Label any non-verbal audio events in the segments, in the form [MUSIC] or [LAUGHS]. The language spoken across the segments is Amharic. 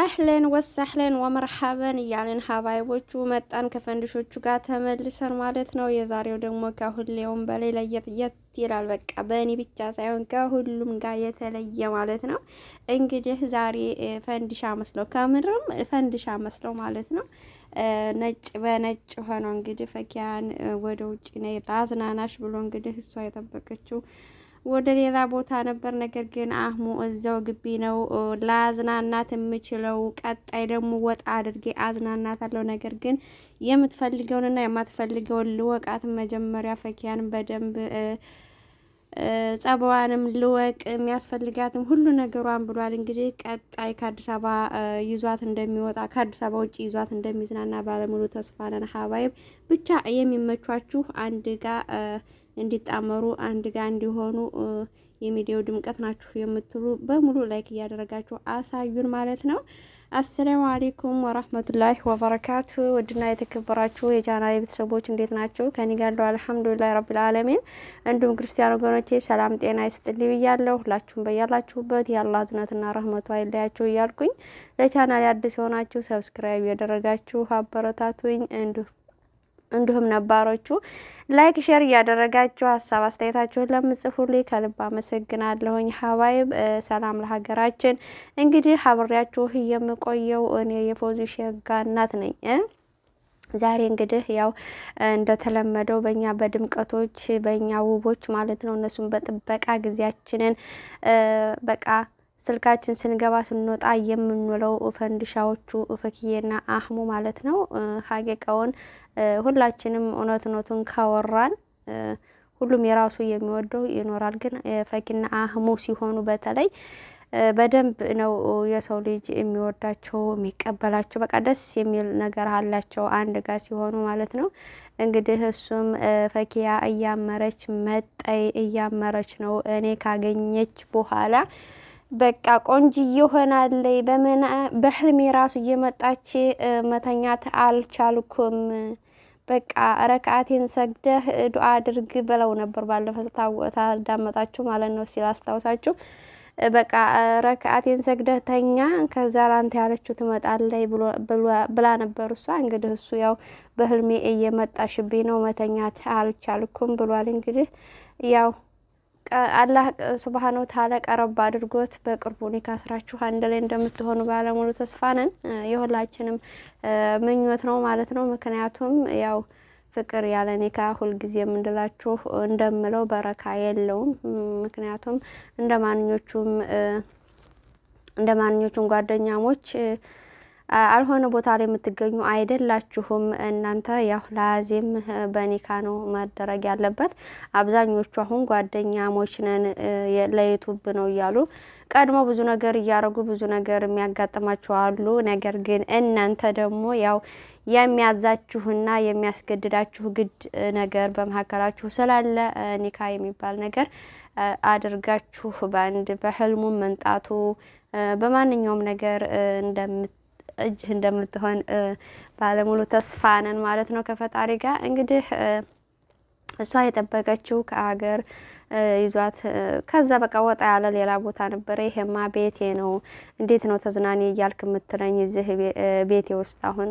አህለን ወሳህለን ወመርሐበን እያልን ሀባይቦቹ መጣን ከፈንድሾቹ ጋር ተመልሰን ማለት ነው። የዛሬው ደግሞ ከሁሌውም በላይ ለየት የት ይላል። በቃ በእኔ ብቻ ሳይሆን ከሁሉም ጋር የተለየ ማለት ነው። እንግዲህ ዛሬ ፈንድሻ መስለው ከምድርም ፈንድሻ መስለው ማለት ነው። ነጭ በነጭ ሆነው እንግዲህ ፈኪያን ወደ ውጭ ነይ ላዝናናሽ ብሎ እንግዲህ እሷ የጠበቀችው ወደ ሌላ ቦታ ነበር። ነገር ግን አህሙ እዛው ግቢ ነው ለአዝናናት የምችለው። ቀጣይ ደግሞ ወጣ አድርጌ አዝናናታለሁ። ነገር ግን የምትፈልገውንና የማትፈልገውን ልወቃት መጀመሪያ ፈኪያን በደንብ ጸባዋንም ልወቅ የሚያስፈልጋትም ሁሉ ነገሯን ብሏል። እንግዲህ ቀጣይ ከአዲስ አበባ ይዟት እንደሚወጣ ከአዲስ አበባ ውጭ ይዟት እንደሚዝናና ባለሙሉ ተስፋ ነን። ሀባይብ ብቻ የሚመቿችሁ አንድ ጋ እንዲጣመሩ አንድ ጋ እንዲሆኑ የሚዲያው ድምቀት ናችሁ የምትሉ በሙሉ ላይክ እያደረጋችሁ አሳዩን ማለት ነው። አሰላሙ አሌይኩም ወራህመቱላሂ ወበረካቱ። ውድና የተከበራችሁ የጃና ቤተሰቦች እንዴት ናቸው? ከኔ ጋር ያለው አልሐምዱሊላህ ረቢል አለሚን። እንዲሁም ክርስቲያን ወገኖቼ ሰላም ጤና ይስጥልኝ ብያለሁ። ሁላችሁም በያላችሁበት የአላህ እዝነትና ረህመቱ አይለያችሁ እያልኩኝ ለቻናል አዲስ የሆናችሁ ሰብስክራይብ ያደረጋችሁ አበረታቱኝ እንዲሁ እንዲሁም ነባሮቹ ላይክ ሼር እያደረጋችሁ ሀሳብ አስተያየታችሁን ለምጽፉልኝ ከልብ አመሰግናለሁኝ። ሀባይብ ሰላም ለሀገራችን። እንግዲህ ሀብሬያችሁ የምቆየው እኔ የፎዚ ሸጋ እናት ነኝ። ዛሬ እንግዲህ ያው እንደተለመደው በእኛ በድምቀቶች በእኛ ውቦች ማለት ነው እነሱን በጥበቃ ጊዜያችንን በቃ ስልካችን ስንገባ ስንወጣ የምንውለው ፈንድሻዎቹ ፈክዬና አህሙ ማለት ነው። ሀቂቃውን ሁላችንም እውነት እውነቱን ካወራን ሁሉም የራሱ የሚወደው ይኖራል። ግን ፈኪና አህሙ ሲሆኑ በተለይ በደንብ ነው የሰው ልጅ የሚወዳቸው የሚቀበላቸው። በቃ ደስ የሚል ነገር አላቸው አንድ ጋር ሲሆኑ ማለት ነው። እንግዲህ እሱም ፈኪያ እያመረች መጠይ እያመረች ነው እኔ ካገኘች በኋላ በቃ ቆንጅዬ ሆናለች። በህልሜ ራሱ እየመጣች መተኛት አልቻልኩም። በቃ ረካአቴን ሰግደህ ዱአ አድርግ ብለው ነበር። ባለፈ ታዳመጣችሁ ማለት ነው ሲል አስታውሳችሁ። በቃ ረካአቴን ሰግደህ ተኛ፣ ከዛ ላንተ ያለችው ትመጣለች ብላ ነበር እሷ። እንግዲህ እሱ ያው በህልሜ እየመጣሽብኝ ነው መተኛት አልቻልኩም ብሏል። እንግዲህ ያው አላህ ስብሓን ወተዓላ ቀረብ አድርጎት በቅርቡ ኒካ ስራችሁ አንድ ላይ እንደምትሆኑ ባለሙሉ ተስፋ ነን። የሁላችንም ምኞት ነው ማለት ነው። ምክንያቱም ያው ፍቅር ያለ ኒካ ሁልጊዜ የምንላችሁ እንደምለው በረካ የለውም። ምክንያቱም እንደ ማንኞቹም እንደ ማንኞቹም ጓደኛሞች አልሆነ ቦታ ላይ የምትገኙ አይደላችሁም። እናንተ ያው ላዚም በኒካ ነው መደረግ ያለበት። አብዛኞቹ አሁን ጓደኛ ነን ለዩቱብ ነው እያሉ ቀድሞ ብዙ ነገር እያደረጉ ብዙ ነገር የሚያጋጥማቸው አሉ። ነገር ግን እናንተ ደግሞ ያው የሚያዛችሁና የሚያስገድዳችሁ ግድ ነገር በመካከላችሁ ስላለ ኒካ የሚባል ነገር አድርጋችሁ በአንድ በህልሙ መንጣቱ በማንኛውም ነገር እንደምት እጅህ እንደምትሆን ባለሙሉ ተስፋ ነን ማለት ነው ከፈጣሪ ጋር እንግዲህ እሷ የጠበቀችው ከሀገር ይዟት ከዛ በቃ ወጣ ያለ ሌላ ቦታ ነበረ። ይሄማ ቤቴ ነው፣ እንዴት ነው ተዝናኒ እያልክ የምትለኝ እዚህ ቤቴ ውስጥ አሁን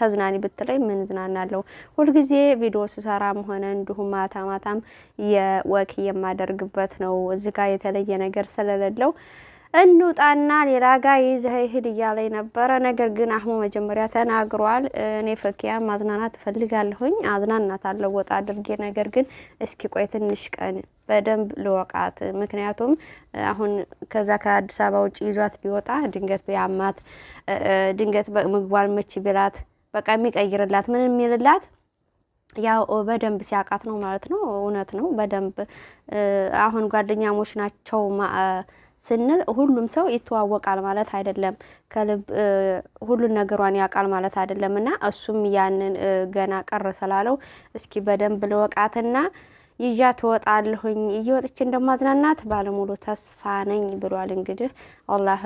ተዝናኒ ብትለኝ ምን ዝናናለሁ? ሁልጊዜ ቪዲዮ ስሰራም ሆነ እንዲሁም ማታ ማታም የወክ የማደርግበት ነው። እዚህ ጋር የተለየ ነገር ስለሌለው እንውጣና ሌላ ጋ ይዘህ ይሄድ እያለኝ ነበረ። ነገር ግን አህሙ መጀመሪያ ተናግሯል። እኔ ፈኪያ ማዝናናት እፈልጋለሁኝ አዝናናታለሁ ወጣ አድርጌ። ነገር ግን እስኪ ቆይ ትንሽ ቀን በደንብ ልወቃት። ምክንያቱም አሁን ከዛ ከአዲስ አበባ ውጭ ይዟት ቢወጣ ድንገት ቢያማት፣ ድንገት ምግቧን መች ቢላት፣ በቃ የሚቀይርላት ምን የሚልላት ያው በደንብ ሲያውቃት ነው ማለት ነው። እውነት ነው በደንብ አሁን ጓደኛሞች ናቸው ስንል ሁሉም ሰው ይተዋወቃል ማለት አይደለም። ከልብ ሁሉን ነገሯን ያውቃል ማለት አይደለም። እና እሱም ያንን ገና ቀር ስላለው እስኪ በደንብ ልወቃትና ይዣ ትወጣለሁኝ እየወጥች እንደማዝናናት ባለሙሉ ተስፋ ነኝ ብሏል። እንግዲህ አላህ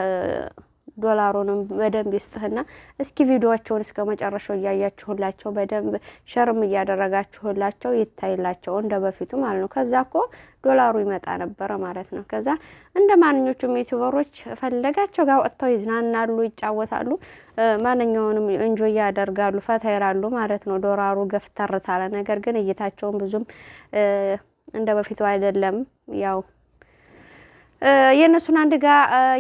ዶላሩንም በደንብ ይስጥህና እስኪ ቪዲዮቸውን እስከ መጨረሻው እያያችሁላቸው በደንብ ሸርም እያደረጋችሁላቸው ይታይላቸው እንደ በፊቱ ማለት ነው። ከዛ ኮ ዶላሩ ይመጣ ነበረ ማለት ነው። ከዛ እንደ ማንኞቹም ዩቱበሮች ፈለጋቸው ጋር ወጥተው ይዝናናሉ፣ ይጫወታሉ፣ ማንኛውንም እንጆ ያደርጋሉ፣ ፈታ ይላሉ ማለት ነው። ዶላሩ ገፍተርታለ። ነገር ግን እይታቸውን ብዙም እንደ በፊቱ አይደለም ያው የእነሱን አንድ ጋ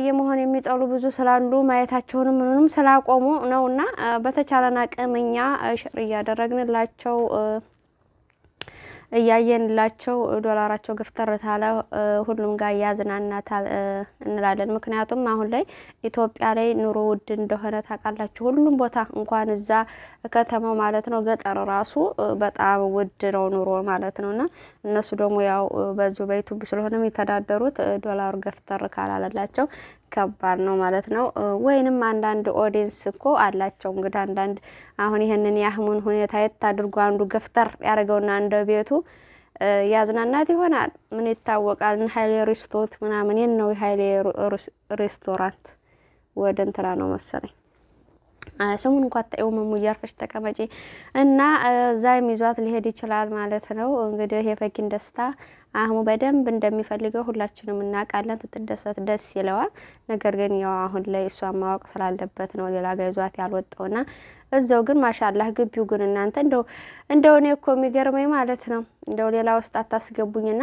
የመሆን የሚጠሉ ብዙ ስላሉ ማየታቸውንም ምንም ስላቆሙ ነውና በተቻለን አቅም እኛ ሽር እያደረግንላቸው እያየንላቸው ዶላራቸው ገፍተር ታለ ሁሉም ጋር ያዝናናታል እንላለን። ምክንያቱም አሁን ላይ ኢትዮጵያ ላይ ኑሮ ውድ እንደሆነ ታውቃላችሁ። ሁሉም ቦታ እንኳን እዛ ከተማው ማለት ነው ገጠር ራሱ በጣም ውድ ነው ኑሮ ማለት ነው። እና እነሱ ደግሞ ያው በዚሁ በዩቱብ ስለሆነ የተዳደሩት ዶላሩ ገፍተር ካላለላቸው ከባድ ነው ማለት ነው። ወይንም አንዳንድ ኦዲንስ እኮ አላቸው እንግዲህ አንዳንድ አሁን ይህንን የአህሙን ሁኔታ የት አድርጎ አንዱ ገፍተር ያደርገውና እንደ ቤቱ ያዝናናት ይሆናል። ምን ይታወቃል? ሀይሌ ሪስቶት ምናምን ይህን ነው ሀይሌ ሬስቶራንት ወደ እንትና ነው መሰለኝ ስሙን እንኳ ታየው መሙ እያርፈሽ ተቀመጪ እና እዛ የሚዟት ሊሄድ ይችላል ማለት ነው። እንግዲህ የፈኪን ደስታ አህሙ በደንብ እንደሚፈልገው ሁላችንም እናውቃለን። ስትደሰት ደስ ይለዋል። ነገር ግን ያው አሁን ላይ እሷ ማወቅ ስላለበት ነው ሌላ ገዟት ያልወጣውና እዛው ግን ማሻላህ ግቢው ግን እናንተ እንደው እንደው እኔ እኮ የሚገርመኝ ማለት ነው እንደው ሌላ ውስጥ አታስገቡኝና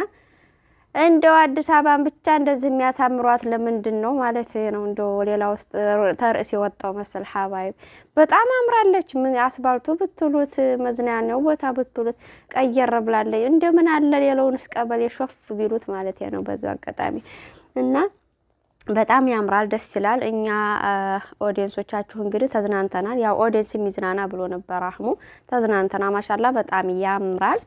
እንደው አዲስ አበባን ብቻ እንደዚህ የሚያሳምሯት ለምንድን ነው ማለት ነው? እንደው ሌላ ውስጥ ተርእስ የወጣው መስል ሀባይብ በጣም አምራለች። ምን አስባልቱ ብትሉት መዝናኛው ቦታ ብትሉት ቀየር ብላለች። እንደምን አለ ሌላውንስ ቀበሌ ሾፍ ቢሉት ማለት ነው። በዚ አጋጣሚ እና በጣም ያምራል፣ ደስ ይላል። እኛ ኦዲየንሶቻችሁ እንግዲህ ተዝናንተናል። ያው ኦዲየንስ የሚዝናና ብሎ ነበር አህሙ። ተዝናንተና ማሻላ በጣም ያምራል።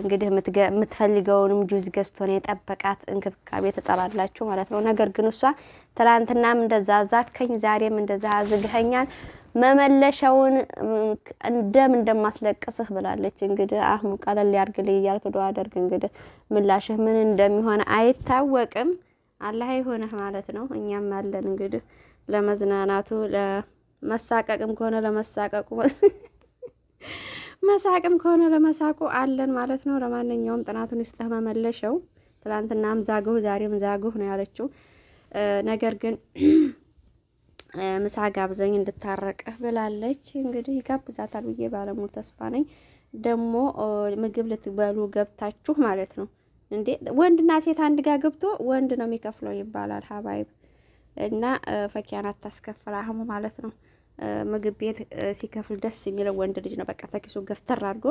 እንግዲህ የምትፈልገውንም ጁዝ ገዝቶ ነው የጠበቃት። እንክብካቤ ትጠራላችሁ ማለት ነው። ነገር ግን እሷ ትናንትናም እንደዛ አዛከኝ ዛሬም እንደዛ ዝግኸኛል፣ መመለሻውን እንደም እንደማስለቅስህ ብላለች። እንግዲህ አህሙ ቀለል ያርግልኝ እያልክ ዶ አደርግ። እንግዲህ ምላሽህ ምን እንደሚሆን አይታወቅም። አላህ ይሆነህ ማለት ነው። እኛም አለን እንግዲህ ለመዝናናቱ ለመሳቀቅም ከሆነ ለመሳቀቁ [LAUGHS] መሳቅም ከሆነ ለመሳቁ አለን ማለት ነው። ለማንኛውም ጥናቱን ይስጠህ መመለሸው። ትላንትናም ዛግሁ ዛሬም ዛግሁ ነው ያለችው። ነገር ግን [CLEARS THROAT] ምሳ ጋብዘኝ እንድታረቀህ ብላለች። እንግዲህ ይጋብዛታል ብዬ ባለሙሉ ተስፋ ነኝ። ደግሞ ምግብ ልትበሉ ገብታችሁ ማለት ነው እንዴ ወንድና ሴት አንድ ጋር ገብቶ ወንድ ነው የሚከፍለው ይባላል። ሀባይብ እና ፈኪያን አታስከፍል አህሙ ማለት ነው። ምግብ ቤት ሲከፍል ደስ የሚለው ወንድ ልጅ ነው። በቃ ተኪሱ ገፍተር አድርጎ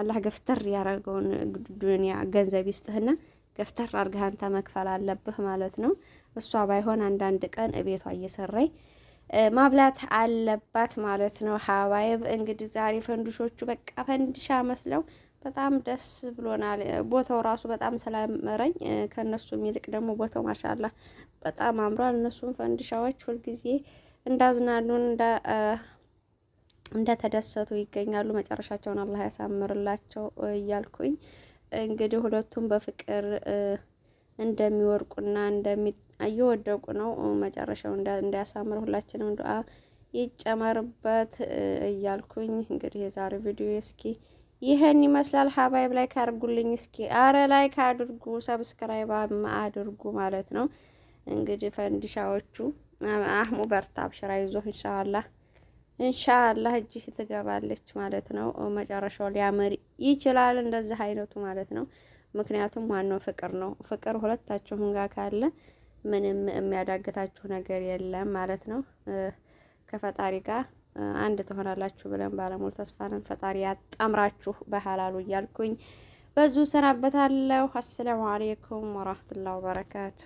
አላህ ገፍተር ያደረገውን ዱንያ ገንዘብ ይስጥህና ገፍተር አድርገህ አንተ መክፈል አለብህ ማለት ነው። እሷ ባይሆን አንዳንድ ቀን እቤቷ እየሰራይ ማብላት አለባት ማለት ነው። ሀባይብ እንግዲህ ዛሬ ፈንዱሾቹ በቃ ፈንድሻ መስለው በጣም ደስ ብሎናል። ቦታው ራሱ በጣም ስላመረኝ ከእነሱ የሚልቅ ደግሞ ቦታው ማሻላ በጣም አምሯል። እነሱም ፈንድሻዎች ሁልጊዜ እንዳዝናኑን እንደተደሰቱ ይገኛሉ። መጨረሻቸውን አላህ ያሳምርላቸው እያልኩኝ እንግዲህ ሁለቱም በፍቅር እንደሚወርቁና እየወደቁ ነው። መጨረሻው እንዳያሳምር ሁላችንም ዱአ ይጨመርበት እያልኩኝ እንግዲህ የዛሬ ቪዲዮ እስኪ ይህን ይመስላል። ሀባይብ ላይ ካድርጉልኝ እስኪ አረ ላይ ካድርጉ ሰብስክራይብ አድርጉ ማለት ነው እንግዲህ ፈንዲሻዎቹ አህሙ በርታ፣ አብሽራ፣ ይዞህ ኢንሻአላህ ኢንሻአላህ እጅህ ትገባለች ማለት ነው። መጨረሻው ሊያምር ይችላል እንደዚህ አይነቱ ማለት ነው። ምክንያቱም ዋናው ፍቅር ነው። ፍቅር ሁለታችሁም ጋር ካለ ምንም የሚያዳግታችሁ ነገር የለም ማለት ነው። ከፈጣሪ ጋር አንድ ትሆናላችሁ ብለን ባለሙሉ ነን። ፈጣሪ ያጣምራችሁ በሐላሉ እያልኩኝ በዙ ሰናበታለሁ። አሰላሙ አለይኩም ወራህመቱላሂ ወበረካቱ